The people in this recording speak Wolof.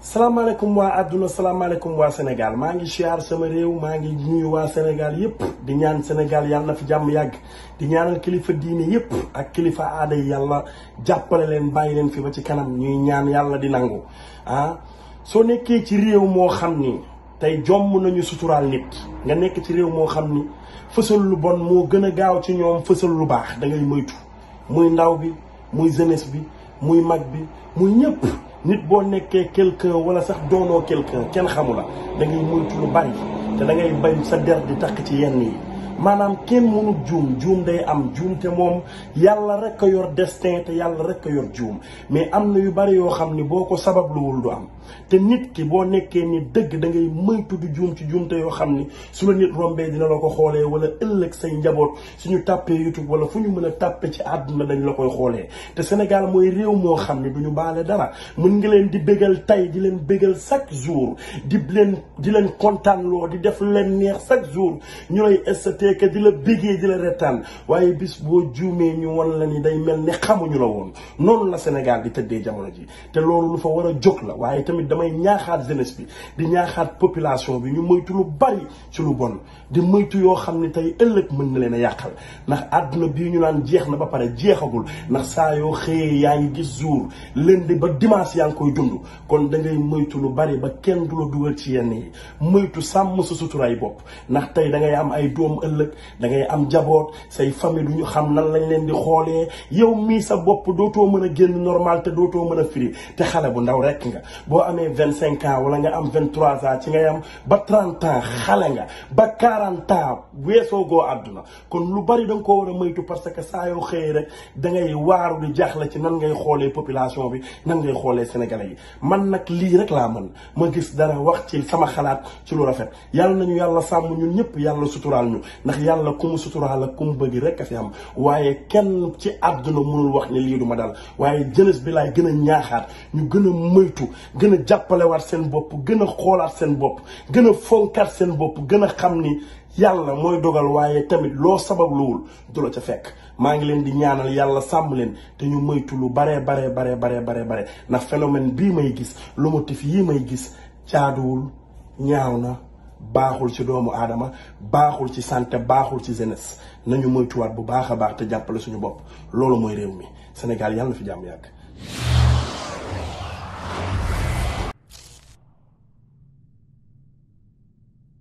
salaamaaleykum waa àdduna salaamaaleykum waa senegal maa ngi siyaar sama réew maa ngi nuyu waa Sénégal yépp di ñaan senegal yàlla na fi jàmm yàgg di ñaanal kilifa diini yépp ak kilifa aada yi yàlla jàppale leen bàyyi leen fi ba ci kanam ñuy ñaan yàlla di nangu ah soo nekkee ci réew moo xam ni tey jomm nañu suturaal nit nga nekk ci réew moo xam ni fësal lu bon moo gën a gaaw ci ñoom fësal lu baax da ngay moytu muy ndaw bi muy jeunesse bi muy mag bi muy ñépp nit boo nekkee quelqu'un wala sax doonoo quelqu'un kenn xamula da ngay moytu lu bari te da ngay bañ sa der di takk ci yenn yi manam kenn munu Djum, djum day am jum te mom yalla rek yor destin te yalla rek yor djum mais am yu bari yo xamni ni boo lu wul du am te nit ki bo nekké ni deug da ngay moytu di djum ci djum te yo xamni su la nit rombé dina la ko wala ëllëg say njabot suñu tapé YouTube wala fuñu ñu tapé a tàppe ci àdduna dañ la koy xolé te Sénégal moy réew mo xamni ni balé dara mën nga di bégal tay di begel bégal chaque jour di leen di contane lo di def leen neex chaque jour ñu lay que di la bégee di la retaan waaye bis boo juumee ñu wan la ni day mel ni xamuñu la woon noonu la Sénégal di tëddee jamono ji te loolu lu fa war a jóg la waaye tamit damay ñaaxaat jeunesse bi di ñaaxaat population bi ñu moytu lu bari ci lu bon di muytu yoo xam ne tey ëllëg mën na leen a yàqal ndax àdduna bii ñu naan jeex na ba pare jeexagul ndax saa yoo xëyee yaa ngi gis jour lënd ba dimanche yaa ngi koy dund kon da ngay moytu lu bari ba kenn du la ci yenn yi moytu sàmm suturaay bopp ëllëg da ngay am jaboot say famille duñu xam nan lañ leen di xoolee yow mii sa bopp dootoo mën a génn normal te dootoo mën a firi te xale bu ndaw rek nga boo amee 25 ans wala nga am 23 ans ci ngay am ba 30 ans xale nga ba 40 ans weesoo goo àdduna kon lu bari da nga ko war a moytu parce que saa yoo xëyee rek da ngay waaru di jaaxle ci nan ngay xoolee population bi nan ngay xoolee sénégalais yi man nag lii rek laa mën ma gis dara wax ci sama xalaat ci lu rafet yàlla nañu yàlla sàmm ñun ñëpp yàlla suturaal ñu ndax yàlla ku mu suturaal ku mu bëgg rek a fi am waaye kenn ci àdduna mënul wax ne lii du ma dal waaye jeunesse bi laay gën a ñaaxaat ñu gën a moytu gën a jàppalewaat seen bopp gën a xoolaat seen bopp gën a fonkaat seen bopp gën a xam ni yàlla mooy dogal waaye tamit loo sabab luwul du la ca fekk maa ngi leen di ñaanal yàlla sàmm leen te ñu moytu lu baree baree baree baree baree bare ndax phénomène bii may gis lomotif yii may gis jaaduwul ñaaw na baaxul ci doomu aadama baaxul ci santé baaxul ci jeunesse nañu moytuwaat bu baax a baax te jàppale suñu bopp loolu mooy réew mi Sénégal yàlla na fi jàmm yàgg.